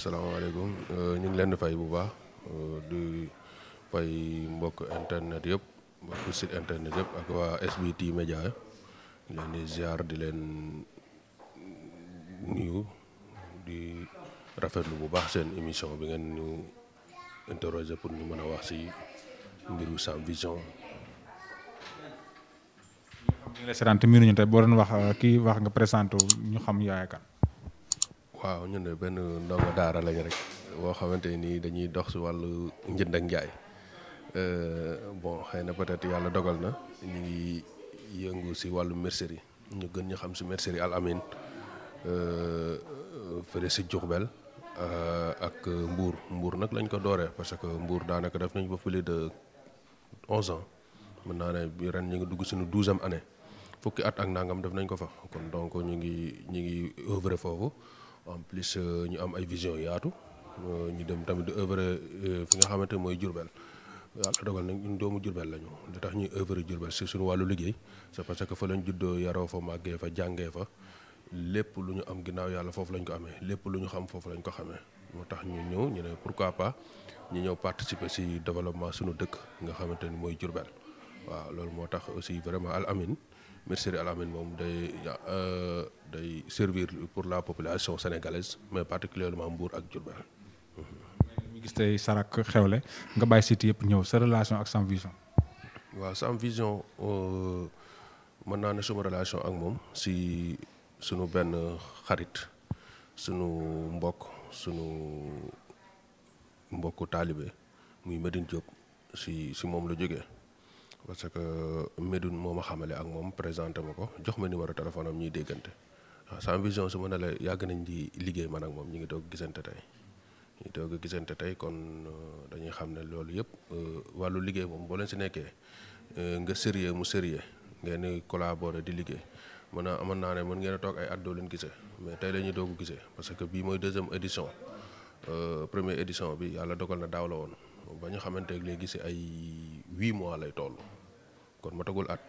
asalaamaaleykum euh, ñu ngi leen di fay bu baax euh, di fay mbokk internet yëpp mbokk site internet yëpp ak waa SBT Média di leen di ziar di leen nuyu di rafetlu bu baax seen émission bi ngeen ñu interroger pour ñu mën a wax si mbiru Sam Vision. ñu ngi lay seetaan miinu ñu tey boo doon wax euh, kii wax nga présenté ñu xam yaay kan. waaw ñu de benn ndongo daara lañ rek boo xamante nii dañuy dox si wàllu njënd ak njaay euh, bon xëy na peut-être yàlla dogal na ñu ngi yëngu si wàllu mercerie ñu gën ñu xam si mercerie Al Amine euh, fële si Diourbel euh, ak Mbour Mbour nag lañ ko dooree parce que mbuur daanaka def nañ ba plus de onze ans mën naa ne ren ñu ngi dugg suñu douzième année fukki at ak nangam def nañ ko fa kon donc ñu ngi ñu ngi œuvre foofu. en plus euh, ñu am ay vision yaatu euh, ñu dem tamit di œuvre euh, fi nga xamante mooy Jurbel yàlla dogal nag ñun doomu Jurbel lañu li tax ñuy œuvre Jurbel si suñu wàllu liggéey c'est parce que fa lañ juddoo yaroo fa màggee fa jàngee fa lépp lu ñu am ginnaaw yàlla foofu lañ ko amee lépp lu ñu xam foofu lañ ko xamee moo tax ñu ñëw ñu ne pourquoi pas ñu ñëw participer si développement suñu dëkk nga xamante ni mooy Jurbel waaw loolu moo tax aussi vraiment al amin mercerie Al Amine moom day euh, day servir pour la population sénégalaise mais particulièrement Mbour ak Diourbel. ñu gis tey Sarak xewle nga bàyyi site yëpp ñëw sa relation ak Sam Vision. waaw Vision euh, mën naa ne suma relation ak moom si sunu benn xarit sunu mbokk sunu mbokku taalibe muy Medine Diop si si moom la jóge parce que Médoune moom ma xamale ak moom présenté ma ko jox ma numéro téléphone am ñuy déggante waaw Sam Vision su ma ne la yàgg nañ di liggéey man ak moom ñu ngi doog gisante tey ñu gisante tey kon euh, dañuy xam ne loolu yëpp euh, wàllu liggéey moom boo si nekkee euh, nga sérieux mu sérieux ngeen collaborer di liggéey mën a amoon naa mën ngeen a toog ay at doo leen gisee mais tey la ñuy doog gisee parce que bii mooy deuxième édition première édition bi yàlla dogal na daaw la woon ba ñu xamante léegi si ay huit mois lay tool kon matagul at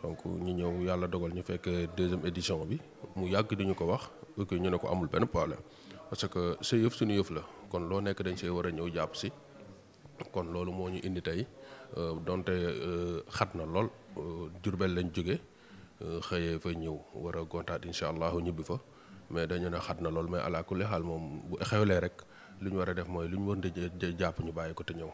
donc ñu ñëw yàlla dogal ñu fekk deuxième édition bi mu yàgg di ñu ko wax ok ñu ne ko amul benn problème parce que sa yëf suñu yëf la kon loo nekk dañ see war a ñëw jàpp si kon loolu moo ñu indi tey euh, donte euh, xat na lool euh, Jurbel lañ jóge xëyee fa ñëw war a gontaat incha allah ñibbi fa mais dañu ne xat na lool mais alaakulli xaal moom bu xewlee rek lu ñu war a def mooy lu ñu war di jàpp ñu bàyyi ko te ñëw.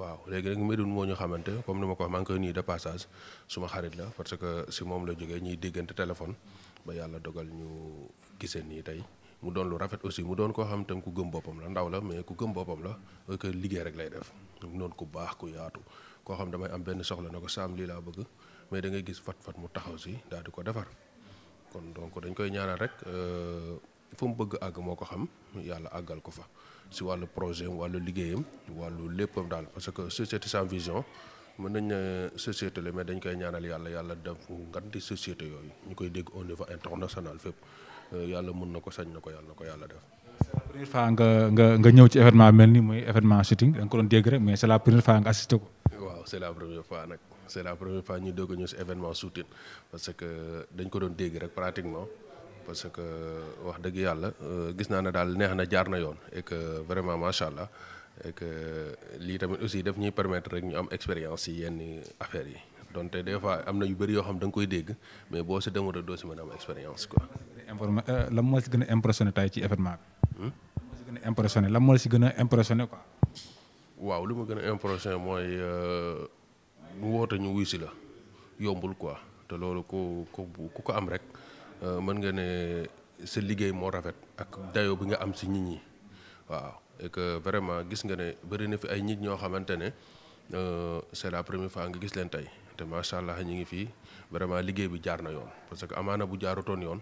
waaw léegi nag Médoune moo ñu xamante comme ni ma ko wax maa ngi koy nuyu de passage suma xarit la parce que si moom la jógee ñuy déggante téléphone ba yàlla dogal ñu gisee nii tey mu doon lu rafet aussi mu doon koo xam tam ku gëm boppam la ndaw la mais ku gëm boppam la liggéey rek lay def mu ku baax ku yaatu koo xam damay am benn soxla na ko saam lii laa bëgg mais da ngay gis fat fat mu taxaw si daal di ko defar kon donc dañ koy ñaanal rek. Euh, fu mu bëgg àgg moo ko xam yàlla àggal ko fa si wàllu projet wàllu liggéeyam wàllu léppam daal parce que société sans vision mën nañ ne société la mais dañ koy ñaanal yàlla yàlla def nganti société yooyu ñu koy dégg au niveau international fépp euh, yàlla mun na ko sañ na ko yàlla na ko yàlla def. c'est la première fois nga nga nga ñëw ci événement mel ni muy événement shooting da nga ko doon dégg rek mais c'est la première fois nga assisté ko. waaw si événement shooting que dañ ko doon dégg rek pratiquement. parce que wax dëgg yàlla euh, gis naa ne daal neex na jaar na yoon et que vraiment macha allah lii tamit aussi def ñuy permettre rek ñu am expérience ci yenn affaires yi donte des fois am na yu bëri yoo xam da nga koy dégg mais boo si demoon doo si mën a am expérience quoi. informa euh, lan moo si gën a impressionné tey ci événement bi. Hmm? lan moo si gën a impressionné moo si gën a impressionné quoi. waaw lu ma gën a impressionné mooy mu euh, woote ñu wuy si la yombul quoi te loolu ku ku ko am rek. Euh, mën nga ne sa liggéey moo rafet ak dayo bi nga am si nit ñi waaw et que vraiment gis nga ne bëri na fi ay nit ñoo xamante ne euh, c'est la première fois nga gis leen tey te macha allah ñu ngi fii vraiment liggéey bi jaar na yoon parce que amaana bu jaarutoon yoon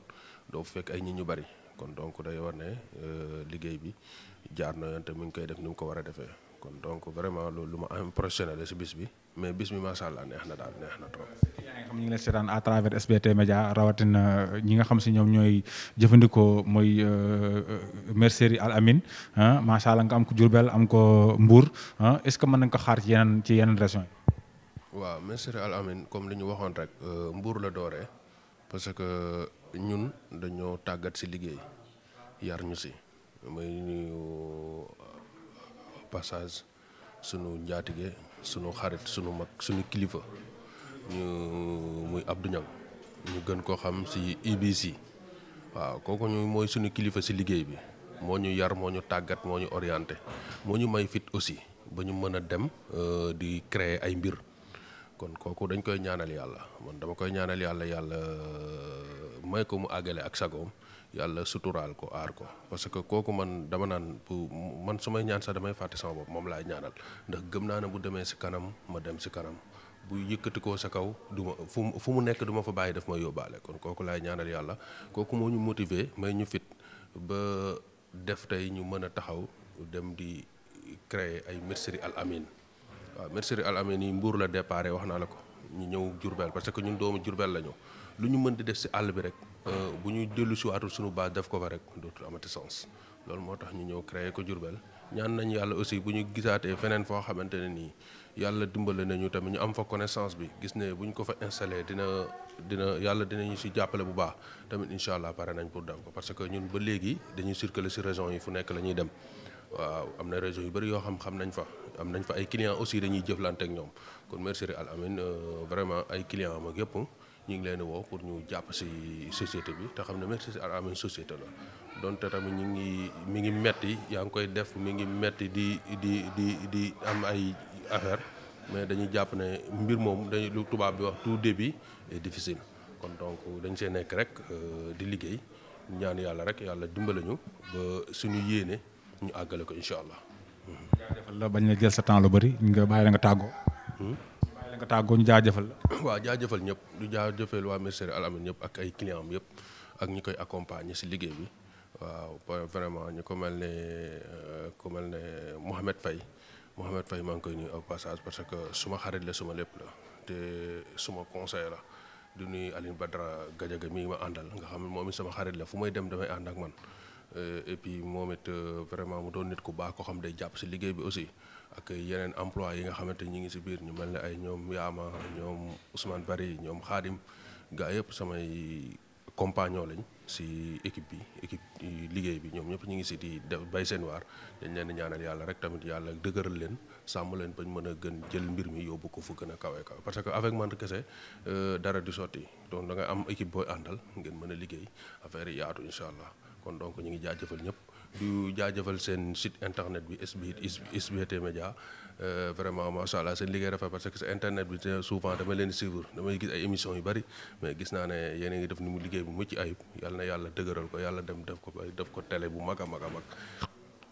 doo fekk ay nit ñu bëri kon donc day war ne euh, liggéey bi jaar na yoon te mu ngi koy def ni mu ko war a defee. kon donc vraiment loolu lu ma impressionné la si bis bi mais bis bi macha allah neex na daal neex na trop. yaa ngi xam ñu Média rawatina euh, ñi nga xam si ñoom ñooy jëfandikoo mooy euh, euh, mercerie Al Amine ah macha allah nga am ko Diourbel am ko mbuur ah est ce que mën nañ ko xaar ci yeneen ci yeneen régions yi. waaw mercerie Al Amine comme li ñu waxoon rek Mbour la dooree parce que ñun dañoo tàggat si liggéey yar ñu si muy nuyu. passage sunu njaatige sunu xarit sunu mag sunu kilifa ñu muy Abdou Niang ñu gën koo xam si IBC waaw kooku ñu mooy sunu kilifa si liggéey bi moo ñu yar moo ñu tàggat moo ñu orienté moo ñu may fit aussi ba ñu mën a dem euh, di créer ay mbir kon kooku dañ koy ñaanal yàlla man dama koy ñaanal yàlla yàlla euh, may ko mu àggale ak sagoom yàlla suturaal ko aar ko parce que kooku man dama naan bu man su may ñaan sax damay fàtte sama bopp moom laay ñaanal ndax gëm naa ne bu demee si kanam ma dem si kanam bu yëkkati koo sa kaw du ma fu fu mu nekk du ma fa bàyyi daf ma yóbbaale kon kooku laay ñaanal yàlla kooku moo ñu motiver may ñu fit ba def tey ñu mën a taxaw dem di créer ay mercerie al amin waaw mercerie al amin yi mbuur la déparé wax naa la ko ñu ñëw jurbeel parce que ñun doomu jurbel la ñu lu ñu mën di def si àll bi rek Euh, bu ñu dellu si waatul suñu base def ko fa rek dootu amati sens loolu moo tax ñu ñëw créer ko Diourbel ñaan nañ yàlla aussi bu ñu gisaatee feneen foo xamante ne nii yàlla dimbale nañu tamit ñu am fa connaissance bi gis ne bu ñu ko fa installé dina dina yàlla dinañu si jàppale bu baax tamit incha allah pare nañ pour def ko parce que ñun ba léegi dañuy circuler si région yi fu nekk lañuy dem waaw am na région yu bëri yoo xam xam nañ fa am nañ fa ay clients aussi dañuy jëflante ak ñoom kon merci Al Amine euh, vraiment ay clients am ak yëpp. ñu ngi leen woo pour ñu jàpp si société bi te xam ne même si amin société la donte tamit ñu ngi mi ngi metti yaa ngi koy def mi ngi metti di di di di am ay affaire mais dañuy jàpp ne mbir moom dañuy lu tubaab bi wax tout début est difficile kon donc dañ see nekk rek euh, di liggéey ñaan yàlla rek yàlla dimbale ñu ba suñu yéene ñu àggale ko incha allah. defal la bañ jël sa temps lu bari nga bàyyi la nga tàggoo. Hmm? nga tàggoo ñu jaajëfal la. waaw jaajëfal ñëpp du jaajëfal waa Mercerie Al Amine ñëpp ak ay clients am yëpp ak ñi koy accompagne si liggéey bi waaw vraiment ñu ko mel ne euh, ku mel ne Mouhamed Faye Mouhamed Faye maa ngi koy nuyu au passage parce que suma xarit la suma lépp la te suma conseil la du nuyu Aline Badara Gadiaga mii ma àndal nga xam moom it sama xarit la fu may dem damay ànd ak man. Euh, et puis moom it euh, vraiment mu doon nit ku baax ko xam day jàpp si liggéey bi aussi ak yeneen emploi yi nga xamante ñi ngi si biir ñu mel ne ay ñoom Yaama ñoom Ousmane Bari ñoom Xaadim gaa yëpp samay compagnon lañ si équipe bi équipe euh, liggéey bi ñoom ñëpp ñu ngi si di def bay seen waar dañ leen ñaanal yàlla rek tamit yàlla dëgëral leen sàmm leen bañ mën a gën jël mbir mi yóbbu ko fu gën a kawe kawe parce que avec man kese dara du sotti donc da nga am équipe àndal ngeen mën a liggéey affaire yi yaatu incha allah. kon donc ñu ngi jaajëfal ñëpp du jaajëfal seen site internet bi SBT Média euh, vraiment macha allah seen liggéey rafet parce que sa internet bi souvent dama leen suivre damay gis ay émissions yu bari mais gis naa ne yéen a ngi def ni mu liggéey bu mucc ayib yàlla na yàlla dëgëral ko yàlla dem def ko def ko télé bu mag a mag a mag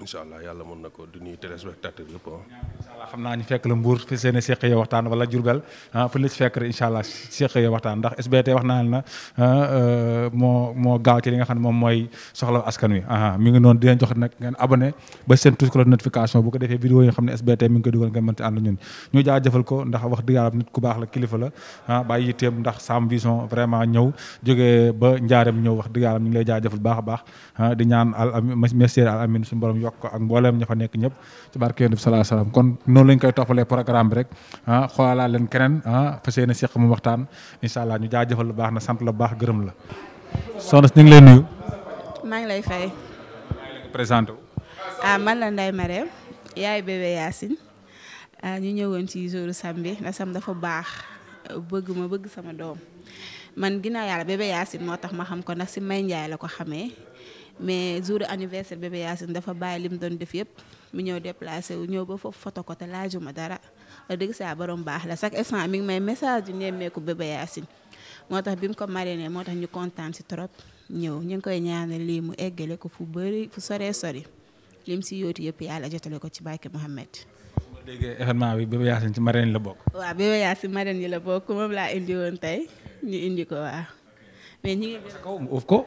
incha allah yàlla mën na ko di nuyu téléspectateur yëpp ah. incha allah xam naa ñu fekk la Mbour fi seen i seq yow waxtaan wala Diourbel ah, fu la fekk rek incha allah seq waxtaan ndax SBT wax naa na ah, euh, moo moo gaaw ci li nga xam ne moom mooy soxla askan wi ah, mi ngi noonu dinañ jox nag ngeen abonné ba seen touche cloche notification bu ko defee vidéo yi nga xam ne SBT mi ngi koy dugal ngeen mën ci ànd ñun ñu jaajëfal ko ndax wax dëgg yàlla nit ku baax la kilifa la ah bàyyi yitteem ndax Sam Vision vraiment ñëw jógee ba njaareem wax dëgg yàlla mi ngi lay jaajëfal baax a baax di ñaan al amin yokk ko ak mbooleem ña fa nekk ñëpp ci barke yonent bi salaa salaam kon noonu lañ koy toppalee programme bi rek ah xoolaa leen keneen ah fas yéene seq mu waxtaan incha allah ñu jaajëfal lu baax na sant la baax gërëm la. soxna si ñu ngi lay nuyu. maa ngi lay fay. présenté wu. ah man la Ndeye Marème yaay bébé Yacine ah, ñu ñëwoon ci jouru sam dafa baax bëgg ma bëgg sama doom man ginnaaw yàlla bébé Yacine moo tax ma xam ko ndax si may njaay la ko xamee mais jour anniversaire bébé Yacine dafa bàyyi lim doon def yëpp mu ñëw déplacé wu ñëw ba foofu foto ko te laajuma dara dëgg saa borom baax la chaque instant mi ngi may message yu nemmeeku bébé Yacine moo tax bi mu ko mariné moo tax ñu kontaan si trop ñëw ñu ngi koy ñaanal lii mu eggale ko fu bëri fu soree sori lim si yóotu yëpp yàlla jotale ko ci barke Mouhamed. dégg événement bi bébé Yacine ci marraine la bokk. waaw bébé Yacine marraine la bokk moom laa indi ko waaw. mais ñu ngi. kaw mu ko.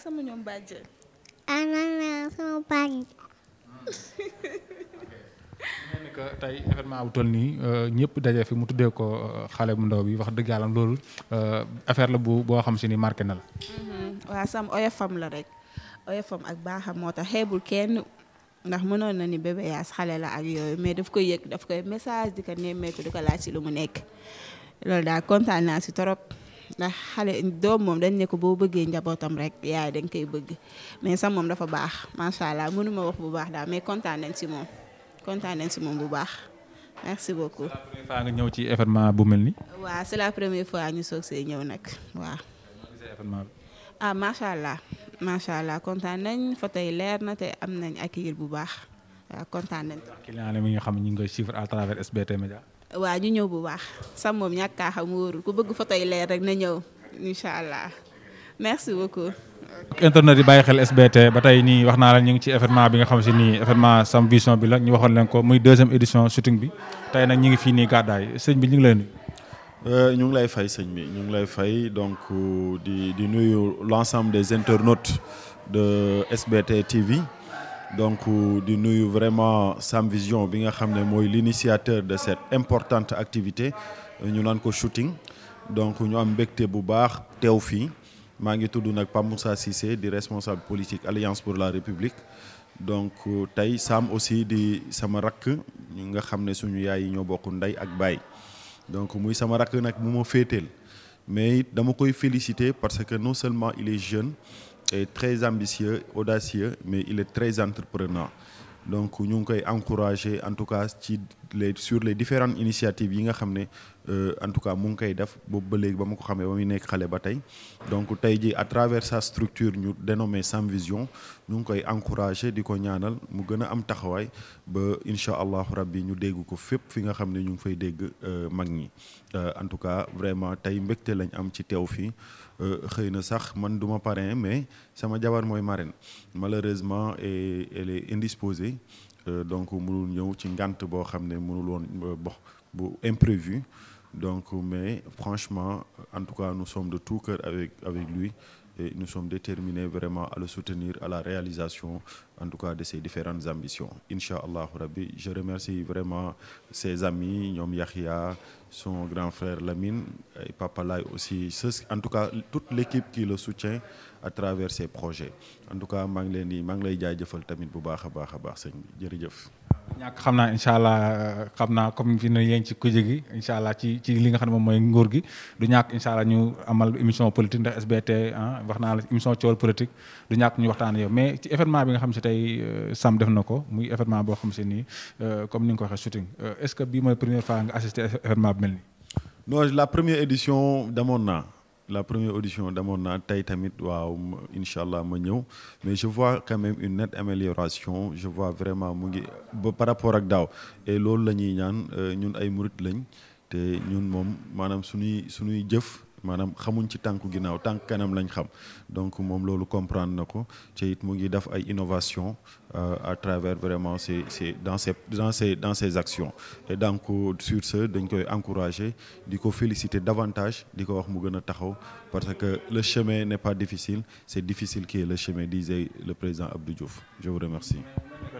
ak sama ñoom bàjjen. ah man sama euh, ñëpp daje mu tuddee ko euh, xale bu ndaw bi wax dëgg yàlla loolu euh, affaire la bu boo xam si ni marqué la. Mhm. waaw sam la rek oyofam ak baaxam moo tax kenn ndax mënoon na ni bébé yaas xale yooyu mais daf koy yëg daf koy message di ko nemmeeku di ko laaj si lu mu nekk loolu daal kontaan naa ndax xale doom moom dañ ne ko boo bëggee njabootam rek yaay dañ koy bëgg mais sax moom dafa baax macha allah mënu wax bu baax daal mais kontaan si moom kontaan si moom bu baax merci beaucoup. c'est ñëw ci événement bu mel nii. waaw c'est la première fois ñu soog see ñëw nag waaw. ah macha allah macha kontaan nañ fa tey leer na te am nañ ak accueil bu baax waaw kontaan nañ. client yi nga xam ñu ngi koy suivre à travers SBT Média. waa ñu ñëw bu baax sax moom ñàkk a xam wóorul ku bëgg photo yi leer rek na ñëw incha allah merci beaucoup. internet yi bàyyi xel SBT ba tey nii wax naa la ñu ngi ci événement bi nga xam si nii événement Sam Vision bi la ñu waxoon leen ko muy deuxième édition shooting bi tey nag ñu ngi fii nii gàddaay sëñ bi ñu ngi lay nuyu. Euh, ñu ngi lay fay sëñ bi ñu ngi lay fay donc euh, di di nuyu l' ensemble des internautes de SBT TV. donc euh, di nuyu vraiment Sam Vision bi nga xam ne mooy l'initiateur de cette importante activité ñu naan ko shooting donc ñu am mbégte bu baax teew fii maa ngi tudd nag Pape Moussa di responsable politique Alliance pour la République donc euh, tey Sam aussi di sama rakk ñu nga xam ne suñu yaay yi ñoo bokk ndey ak baay donc muy sama rakk nag mu ma féeteel mais dama koy féliciter parce que non seulement il est jeune est très ambitieux audacieux mais il est très entreprenant donc ñu ngi koy encourager en tout cas ci les sur les différentes initiatives yi nga xam ne euh, en tout cas mu ngi koy def boobu ba léegi ba ma ko xamee ba muy nekk xale ba tey donc tey ji à travers sa structure ñu dénommé Sam Vision ñu ngi koy encourager di ko ñaanal mu gën a am taxawaay ba incha allahu rabbi ñu dégg ko fépp fi nga xam ne ñu ngi fay dégg euh, mag ñi euh, en tout cas vraiment tey mbégte lañ am ci teew fii Euh, xëy na sax man du ma parrain mais sama jabar mooy marraine malheureusement et elle est indisposée euh, donc munul ñëw ci ngànt boo xam ne mënul euh, bu imprévu donc mais franchement en tout cas nous somme de tout cœur avec avec lui et nous sommes vraiment à le soutenir à la réalisation en tout cas de ses différentes ambitions incha allahu rabbi je remercie vraiment ses amis ñoom Yahya son grand frère Lamine et papalaay Lay aussi en tout cas toute l'équipe qui le soutient à travers ses projets en tout cas maa ngi leen di maa ngi lay jaajëfal tamit bu baax a baax a baax sañ bi jërëjëf ñàkk xam naa incha allah euh, xam naa comme fi ne yéen ci kuje gi incha allah ci ci li nga xam ne moom mooy nguur gi du ñàkk incha ñu amal émission politique ndax SBT wax naa la émission coowal politique du ñàkk ñu waxtaan yow mais ci événement bi nga xam si tey euh, Sam def na ko muy événement boo xam si nii euh, comme ni ko waxee shooting est-ce que bii mooy première fois nga assister événement bi mel nii. non la première édition demoon naa. la première audition demoon naa tey tamit waaw incha allah ma ñëw mais je vois quand même une net amélioration je vois vraiment mu ngi ba par rapport ak daaw et loolu la ñuy ñaan euh, ñun ay murit lañ te ñun moom maanaam suñuy suñuy jëf maanaam xamuñ ci tànk ginnaaw tànk kanam lañ xam donc moom loolu comprendre na ko ci it mu ngi def ay innovation euh, à travers vraiment ces ces dans ces dans ces dans ces actions et donc sur ce dañ koy encourager di ko féliciter davantage di ko wax mu gën a taxaw parce que le chemin n'est pas difficile c'est difficile qui le chemin disait le président Abdou Diouf je vous remercie.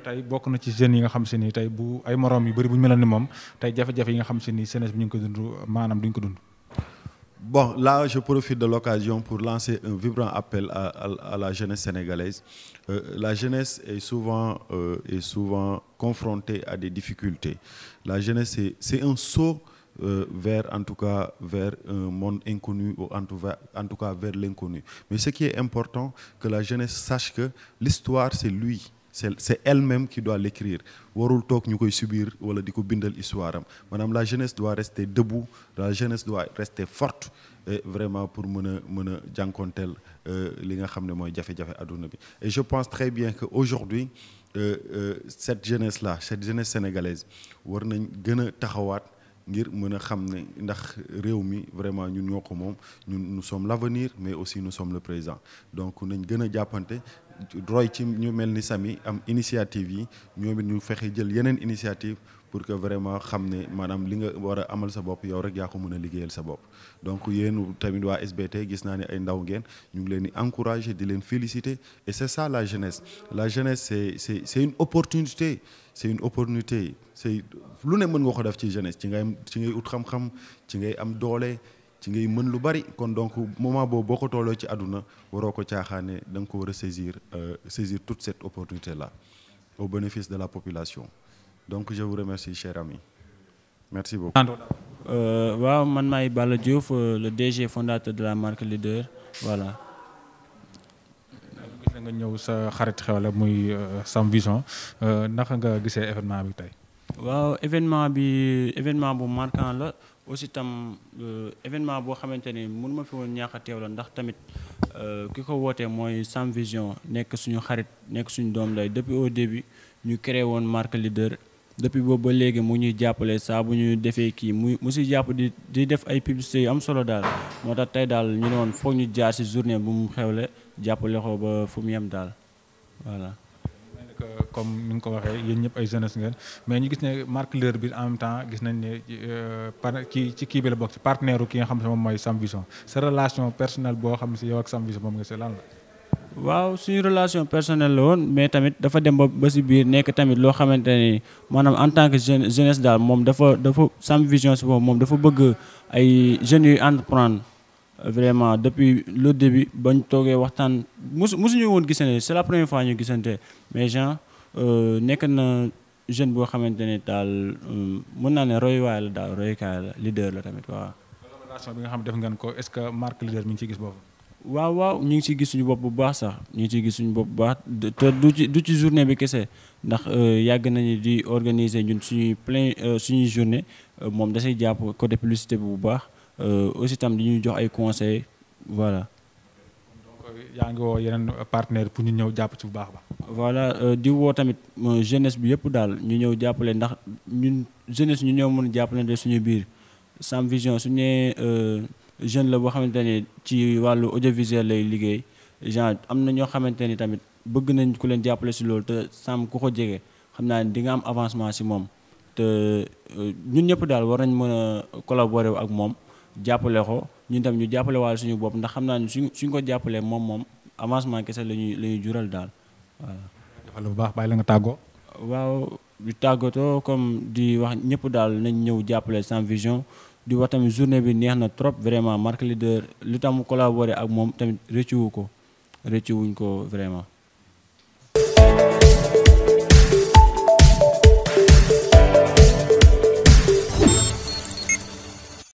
tey bokk na ci jeunes yi nga xam si ni tey bu ay morom yu bëri bu ñu meloon moom tey jafe-jafe yi nga xam si ni jeunesse bi ñu ko dund maanaam duñ ko dund. Bon, là, je profite de l'occasion pour lancer un vibrant appel à, à, à la jeunesse sénégalaise. Euh, la jeunesse est souvent, euh, est souvent confrontée à des difficultés. La jeunesse, c'est un saut euh, vers, en tout cas, vers un monde inconnu ou en tout, vers, en tout cas vers l'inconnu. Mais ce qui est important, que la jeunesse sache que l'histoire, c'est lui. c'est c'est elle-même qui doit l'écrire warul toog ñu koy subir wala di ko bindal histoire am maanaam la jeunesse doit rester debout la jeunesse doit rester forte et vraiment pour mën a mën a jànkonteel euh, li nga xam ne mooy jafe-jafe àdduna bi et je pense très bien que aujourd'hui euh, euh, cette jeunesse la cette jeunesse sénégalaise war nañ gën a taxawaat ngir mën a xam ne ndax réew mi vraiment ñu ñoo ko moom ñun nous sommes l'avenir mais aussi nu sommes le présent donc nañ gën a jàppante roy ci ñu mel ni Samy am initiative yi ñoom it ñu fexe jël yeneen initiative pour que vraiment xam ne maanaam li nga war a amal sa bopp yow rek yaa ko mën a liggéeyal sa bopp donc yéen tamit waa SBT gis naa ne ay ndaw ngeen ñu ngi leen di encourager di leen féliciter et c'est ça la jeunesse la jeunesse c'est c'est c'est une opportunité c'est une opportunité lu ne mën nga ko def ci jeunesse ci ngay ci ngay ut xam-xam ci ngay am doole ci ngay mën lu bari kon donc moment boobu boo ko tooloo ci àdduna waroo ko caaxaane da nga ko war a saisir euh, saisir toute cette opportunité la au bénéfice de la population donc je vous remercie cher ami merci beaucoup. Euh, waaw man maay Balla Diouf euh, le DG fondateur de la marque Leader voilà. gis ñëw sa xarit xew muy Sam Vision naka nga gisee événement bi tey. waaw événement bu marquant la. aussi tam euh, événement boo xamante ni mënu ma fi woon ñaax a teew la ndax tamit euh, ki ko wootee mooy Sam Vision nekk suñu xarit nekk suñu doom lay depuis au début ñu créé woon marque leader depuis boobu ba léegi mu ñuy jàppale saa bu ñu defee kii mu mu si jàpp di di def ay publicité yu am solo daal moo tax tey daal ñu ne woon foog ñu jaar si journée bu mu xewle jàppale ko ba fu mu yem daal voilà. comme ni nga ko waxee yéen ñëpp ay jeunesse ngeen mais ñu gis ne marque leur bi en même temps gis nañ ne euh, par ci ci bi la bokk ci partenaire ki nga xam ne moom mooy Sam Vision sa relation personnelle boo xam ne si yow ak Sam Vision moom nga si lan la. waaw suñu relation personnelle la woon mais tamit dafa dem ba ba si biir nekk tamit loo xamante ni maanaam en tant que jeune jeunesse daal moom dafa dafa Sam Vision si boobu moom dafa bëgg ay jeunes yuy entreprendre. vraiment depuis le début bañ toogee waxtaan musu musuñu woon gisante c'est la première fois ñu gisante mais Jean euh, nekk na jeune boo xamante ne daal euh, mën naa ne royuwaay la daal royukaay la leader la tamit waaw. relation bi nga xam def ngeen ko est-ce que marque leader mi ngi ciy gis boppam. waaw ñu ngi si gis suñu bopp bu baax sax ñu ngi ciy gis suñu bopp bu baax te du ci du ci journée bi kese ndax euh, yàgg nañu di organiser ñun suñuy plein suñuy journée moom da say jàpp côté publicité bi bu baax. Euh, aussi tam di ñuy jox ay conseil voilà. donc euh, yaa yeneen partenaire pour ñu ñëw jàpp ci bu baax ba voilà euh, di woo tamit jeunesse bi yëpp daal ñu ñëw jàppale ndax ñun jeunesse ñu ñëw mën a jàppale suñu biir Sam Vision su ñu jeune la boo xamante ne ci wàllu audiovisuel lay liggéey genre am na ñoo xamante ni tamit bëgg nañ ku leen jàppale si loolu te Sam ku ko jege xam naa ne di nga am avancement si moom te ñun ñëpp daal war nañ mën a collaborer ak moom. jàppale ko ñu tam ñu jàppale waale suñu bopp ndax xam naa ne suñ suñ ko jàppalee moom moom avancement kese la ñuy la ñuy jural daal waaw. defal baax bàyyi la nga tàggoo. waaw di tàggatoo comme di wax ñëpp daal nañ ñëw jàppale Sam Vision di wax tamit journée bi neex na trop vraiment Marc Leader lu tax mu collaboré ak moom tamit rëccu wu ko rëccu wuñ ko vraiment.